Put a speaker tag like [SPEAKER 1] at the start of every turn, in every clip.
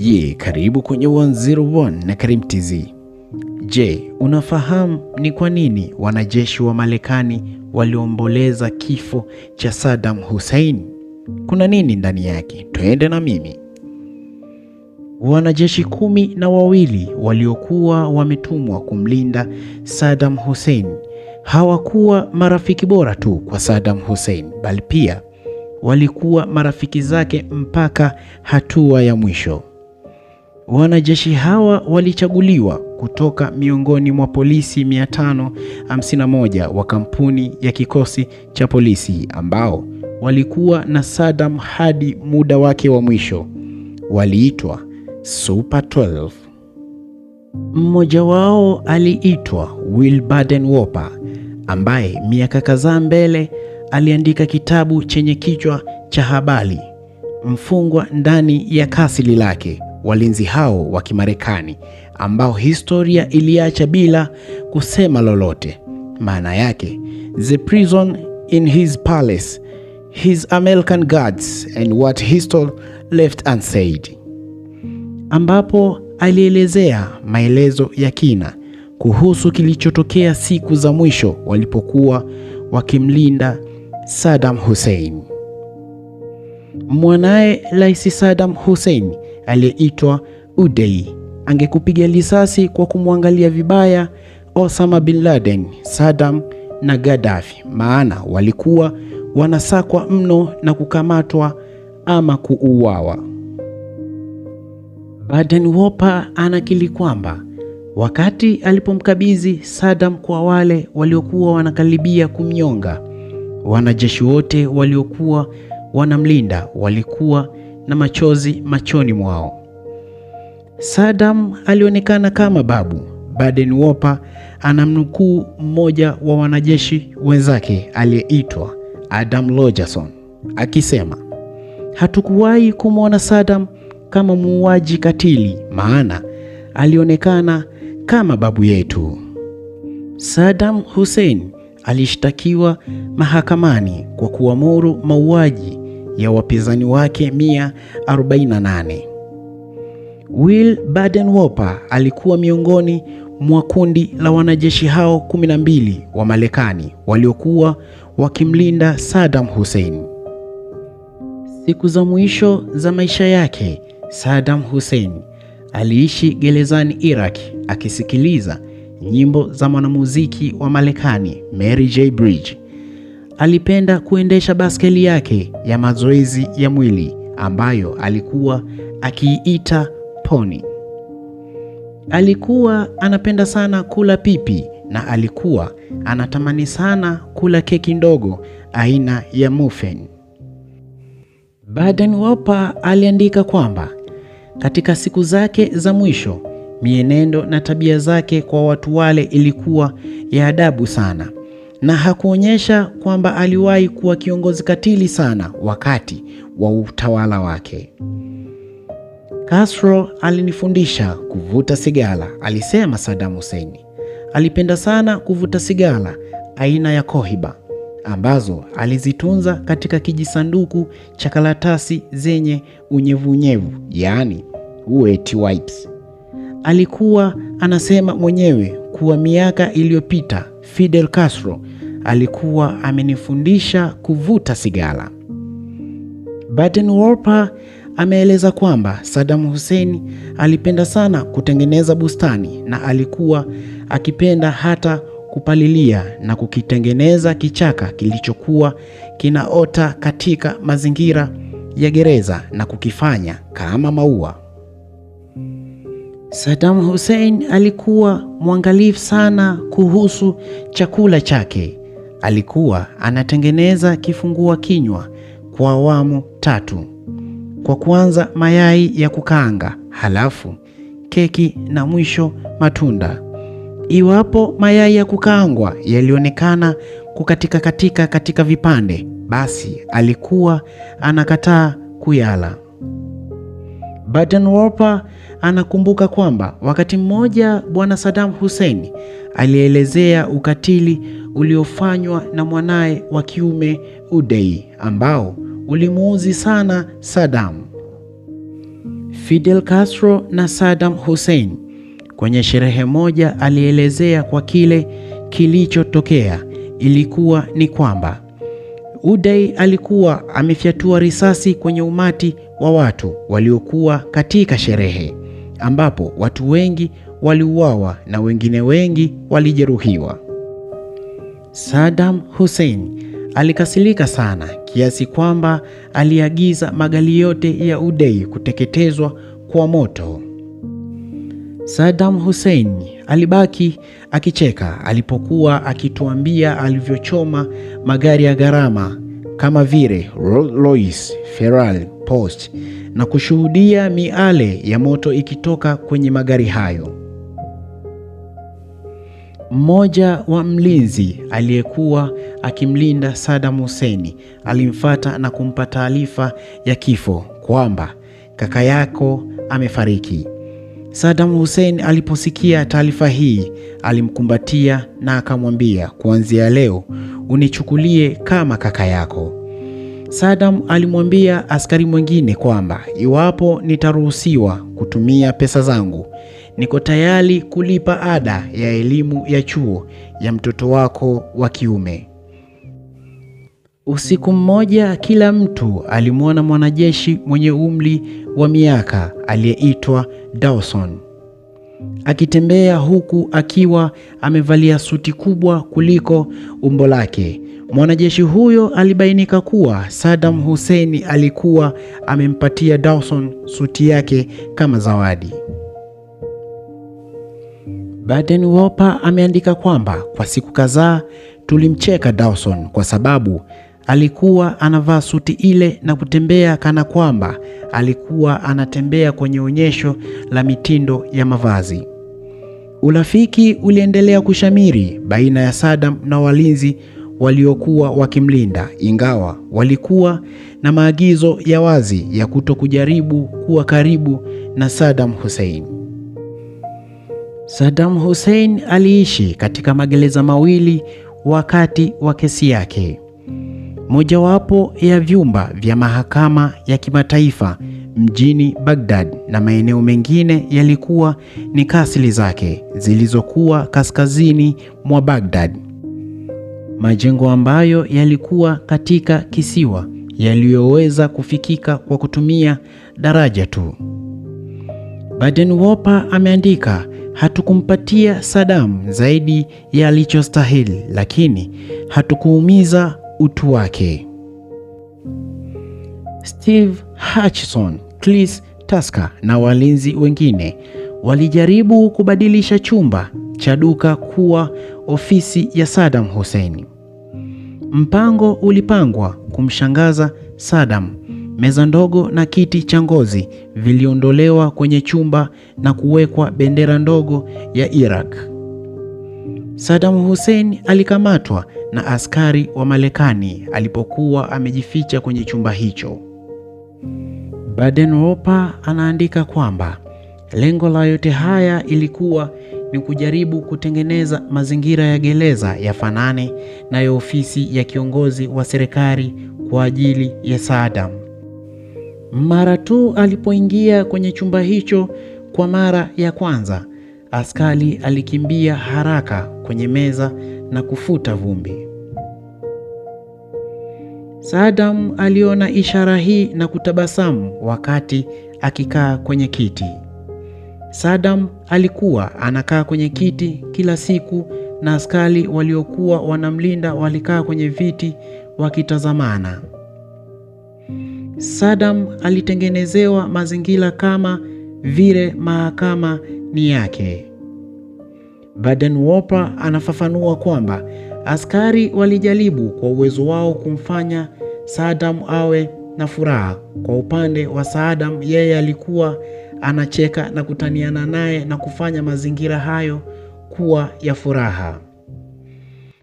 [SPEAKER 1] Ye, karibu kwenye 101 na Karim TZ. Je, unafahamu ni kwa nini wanajeshi wa Marekani waliomboleza kifo cha Saddam Hussein? Kuna nini ndani yake? Twende na mimi. Wanajeshi kumi na wawili waliokuwa wametumwa kumlinda Saddam Hussein hawakuwa marafiki bora tu kwa Saddam Hussein, bali pia walikuwa marafiki zake mpaka hatua ya mwisho. Wanajeshi hawa walichaguliwa kutoka miongoni mwa polisi 551 wa kampuni ya kikosi cha polisi ambao walikuwa na Saddam hadi muda wake wa mwisho. Waliitwa Super 12. Mmoja wao aliitwa Will Baden Woper ambaye miaka kadhaa mbele aliandika kitabu chenye kichwa cha habari Mfungwa ndani ya kasili lake walinzi hao wa Kimarekani ambao historia iliacha bila kusema lolote. Maana yake the prison in his palace his American guards and what history left unsaid, ambapo alielezea maelezo ya kina kuhusu kilichotokea siku za mwisho walipokuwa wakimlinda Saddam Hussein. Mwanaye Rais Saddam Hussein aliyeitwa Uday angekupiga risasi kwa kumwangalia vibaya Osama bin Laden, Saddam na Gaddafi, maana walikuwa wanasakwa mno na kukamatwa ama kuuawa. baden wopa anakili kwamba wakati alipomkabidhi Saddam kwa wale waliokuwa wanakaribia kumnyonga, wanajeshi wote waliokuwa wanamlinda walikuwa na machozi machoni mwao. Saddam alionekana kama babu. Baden Wopa anamnukuu mmoja wa wanajeshi wenzake aliyeitwa Adam Rogerson akisema, hatukuwahi kumwona Saddam kama muuaji katili, maana alionekana kama babu yetu. Saddam Hussein alishtakiwa mahakamani kwa kuamuru mauaji ya wapinzani wake 148. Will Baden-Wuerther alikuwa miongoni mwa kundi la wanajeshi hao 12 wa Marekani waliokuwa wakimlinda Saddam Hussein. Siku za mwisho za maisha yake, Saddam Hussein aliishi gerezani Iraq akisikiliza nyimbo za mwanamuziki wa Marekani Mary J. Blige. Alipenda kuendesha baskeli yake ya mazoezi ya mwili ambayo alikuwa akiiita poni. Alikuwa anapenda sana kula pipi na alikuwa anatamani sana kula keki ndogo aina ya muffin. Baden-Wuerper aliandika kwamba katika siku zake za mwisho, mienendo na tabia zake kwa watu wale ilikuwa ya adabu sana na hakuonyesha kwamba aliwahi kuwa kiongozi katili sana wakati wa utawala wake. Castro alinifundisha kuvuta sigara, alisema Saddam Hussein. Alipenda sana kuvuta sigara aina ya kohiba ambazo alizitunza katika kijisanduku cha karatasi zenye unyevunyevu, yaani wet wipes. Alikuwa anasema mwenyewe kuwa miaka iliyopita Fidel Castro alikuwa amenifundisha kuvuta sigara. Baden Wolper ameeleza kwamba Saddam Hussein alipenda sana kutengeneza bustani na alikuwa akipenda hata kupalilia na kukitengeneza kichaka kilichokuwa kinaota katika mazingira ya gereza na kukifanya kama maua. Saddam Hussein alikuwa mwangalifu sana kuhusu chakula chake. Alikuwa anatengeneza kifungua kinywa kwa awamu tatu, kwa kwanza mayai ya kukaanga, halafu keki na mwisho matunda. Iwapo mayai ya kukaangwa yalionekana kukatika katika katika vipande, basi alikuwa anakataa kuyala. Baden-Wuerther anakumbuka kwamba wakati mmoja Bwana Saddam Hussein alielezea ukatili uliofanywa na mwanaye wa kiume Uday ambao ulimuuzi sana Saddam. Fidel Castro na Saddam Hussein kwenye sherehe moja alielezea kwa kile kilichotokea. Ilikuwa ni kwamba Uday alikuwa amefyatua risasi kwenye umati wa watu waliokuwa katika sherehe ambapo watu wengi waliuawa na wengine wengi walijeruhiwa. Saddam Hussein alikasirika sana kiasi kwamba aliagiza magari yote ya Udei kuteketezwa kwa moto. Saddam Hussein alibaki akicheka alipokuwa akituambia alivyochoma magari ya gharama kama vile Rolls-Royce, Ferrari, Porsche na kushuhudia miale ya moto ikitoka kwenye magari hayo. Mmoja wa mlinzi aliyekuwa akimlinda Saddam Hussein alimfata na kumpa taarifa ya kifo kwamba kaka yako amefariki. Saddam Hussein aliposikia taarifa hii, alimkumbatia na akamwambia, kuanzia leo unichukulie kama kaka yako. Saddam alimwambia askari mwingine kwamba iwapo nitaruhusiwa kutumia pesa zangu, niko tayari kulipa ada ya elimu ya chuo ya mtoto wako wa kiume. Usiku mmoja, kila mtu alimwona mwanajeshi mwenye umri wa miaka aliyeitwa Dawson akitembea huku akiwa amevalia suti kubwa kuliko umbo lake Mwanajeshi huyo alibainika kuwa Saddam Hussein alikuwa amempatia Dawson suti yake kama zawadi. Baden Wopa ameandika kwamba kwa siku kadhaa tulimcheka Dawson kwa sababu alikuwa anavaa suti ile na kutembea kana kwamba alikuwa anatembea kwenye onyesho la mitindo ya mavazi. Urafiki uliendelea kushamiri baina ya Saddam na walinzi waliokuwa wakimlinda, ingawa walikuwa na maagizo ya wazi ya kutokujaribu kuwa karibu na Saddam Hussein. Saddam Hussein aliishi katika magereza mawili wakati wa kesi yake. Mojawapo ya vyumba vya mahakama ya kimataifa mjini Baghdad na maeneo mengine yalikuwa ni kasili zake zilizokuwa kaskazini mwa Baghdad majengo ambayo yalikuwa katika kisiwa yaliyoweza kufikika kwa kutumia daraja tu. baden Wopa ameandika, hatukumpatia Saddam zaidi ya alichostahili, lakini hatukuumiza utu wake. Steve Hutchison, Clis Tasker na walinzi wengine walijaribu kubadilisha chumba cha duka kuwa ofisi ya Saddam Hussein. Mpango ulipangwa kumshangaza Saddam. Meza ndogo na kiti cha ngozi viliondolewa kwenye chumba na kuwekwa bendera ndogo ya Iraq. Saddam Hussein alikamatwa na askari wa Marekani alipokuwa amejificha kwenye chumba hicho. Baden-Wuerther anaandika kwamba lengo la yote haya ilikuwa ni kujaribu kutengeneza mazingira ya gereza yafanane na ya ofisi ya kiongozi wa serikali kwa ajili ya Saddam. Mara tu alipoingia kwenye chumba hicho kwa mara ya kwanza, askari alikimbia haraka kwenye meza na kufuta vumbi. Saddam aliona ishara hii na kutabasamu wakati akikaa kwenye kiti. Saddam alikuwa anakaa kwenye kiti kila siku na askari waliokuwa wanamlinda walikaa kwenye viti wakitazamana. Saddam alitengenezewa mazingira kama vile mahakama ni yake. Baden-Wuerther anafafanua kwamba askari walijaribu kwa uwezo wao kumfanya Saddam awe na furaha. Kwa upande wa Saddam, yeye alikuwa anacheka na kutaniana naye na kufanya mazingira hayo kuwa ya furaha.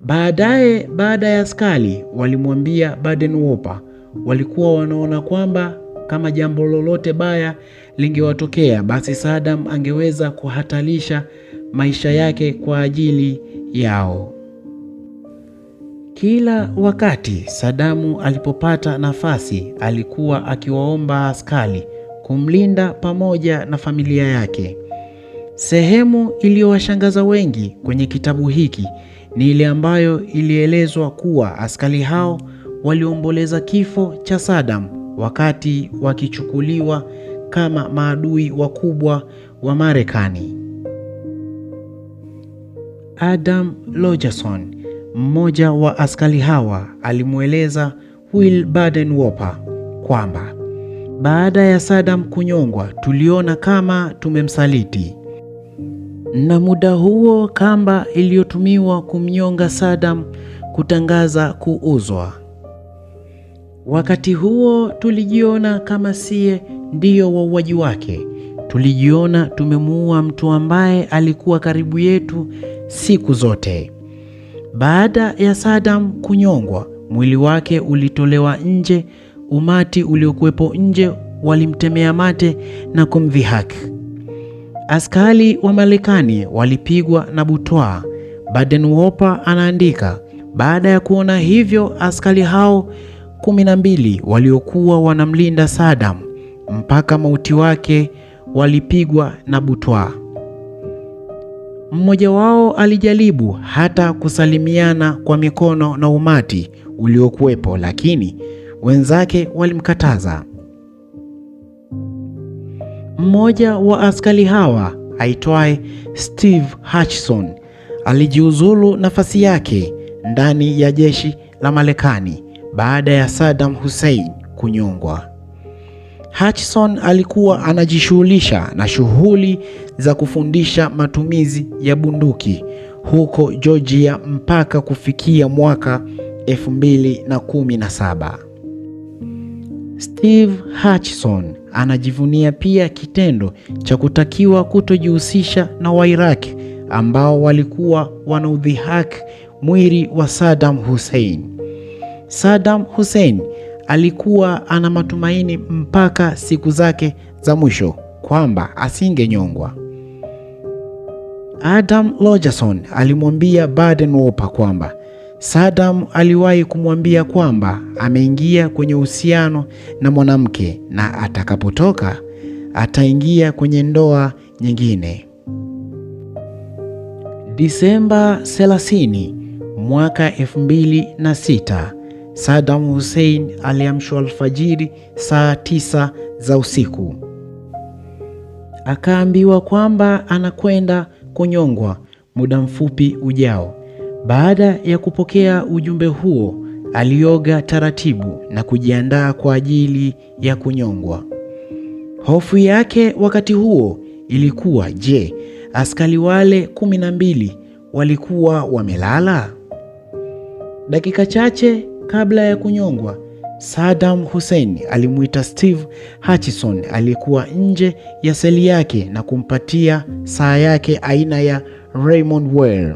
[SPEAKER 1] Baadaye, baada ya askari walimwambia baden Wopa, walikuwa wanaona kwamba kama jambo lolote baya lingewatokea, basi Saddam angeweza kuhatarisha maisha yake kwa ajili yao. Kila wakati Sadamu alipopata nafasi alikuwa akiwaomba askari kumlinda pamoja na familia yake. Sehemu iliyowashangaza wengi kwenye kitabu hiki ni ile ambayo ilielezwa kuwa askari hao waliomboleza kifo cha Saddam wakati wakichukuliwa kama maadui wakubwa wa Marekani. Adam Rogerson, mmoja wa askari hawa, alimweleza Will Baden-Wuerper kwamba baada ya Saddam kunyongwa, tuliona kama tumemsaliti. Na muda huo kamba iliyotumiwa kumnyonga Saddam kutangaza kuuzwa. Wakati huo tulijiona kama sie ndiyo wauaji wake. Tulijiona tumemuua mtu ambaye alikuwa karibu yetu siku zote. Baada ya Saddam kunyongwa, mwili wake ulitolewa nje Umati uliokuwepo nje walimtemea mate na kumdhihaki. Askari wa Marekani walipigwa na butwa. baden Wopa anaandika, baada ya kuona hivyo, askari hao kumi na mbili waliokuwa wanamlinda Saddam mpaka mauti wake walipigwa na butwa. Mmoja wao alijaribu hata kusalimiana kwa mikono na umati uliokuwepo, lakini Wenzake walimkataza. Mmoja wa askari hawa aitwaye Steve Hutchison alijiuzulu nafasi yake ndani ya jeshi la Marekani baada ya Saddam Hussein kunyongwa. Hutchison alikuwa anajishughulisha na shughuli za kufundisha matumizi ya bunduki huko Georgia mpaka kufikia mwaka 2017. Steve Hutchison anajivunia pia kitendo cha kutakiwa kutojihusisha na Wairaki ambao walikuwa wanaudhihaki mwili wa Saddam Hussein. Saddam Hussein alikuwa ana matumaini mpaka siku zake za mwisho kwamba asingenyongwa. Adam Rogerson alimwambia Baden Wopa kwamba Saddam aliwahi kumwambia kwamba ameingia kwenye uhusiano na mwanamke na atakapotoka ataingia kwenye ndoa nyingine. Disemba 30 mwaka 2006, Saddam Hussein aliamshwa alfajiri saa tisa za usiku, akaambiwa kwamba anakwenda kunyongwa muda mfupi ujao baada ya kupokea ujumbe huo, alioga taratibu na kujiandaa kwa ajili ya kunyongwa. Hofu yake wakati huo ilikuwa je, askari wale kumi na mbili walikuwa wamelala? Dakika chache kabla ya kunyongwa, Saddam Hussein alimwita Steve Hutchison aliyekuwa nje ya seli yake na kumpatia saa yake aina ya Raymond Weil.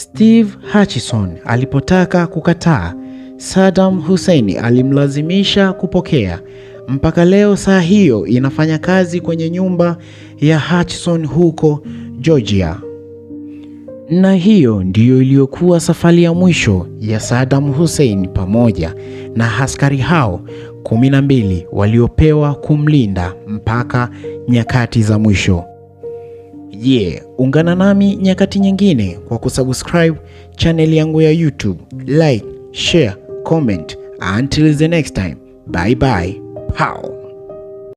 [SPEAKER 1] Steve Hutchison alipotaka kukataa, Saddam Hussein alimlazimisha kupokea. Mpaka leo saa hiyo inafanya kazi kwenye nyumba ya Hutchison huko Georgia. Na hiyo ndiyo iliyokuwa safari ya mwisho ya Saddam Hussein pamoja na askari hao kumi na mbili waliopewa kumlinda mpaka nyakati za mwisho. Je, yeah, ungana nami nyakati nyingine kwa kusubscribe chaneli yangu ya YouTube, like, share, comment. Until the next time, bye bye. Pow.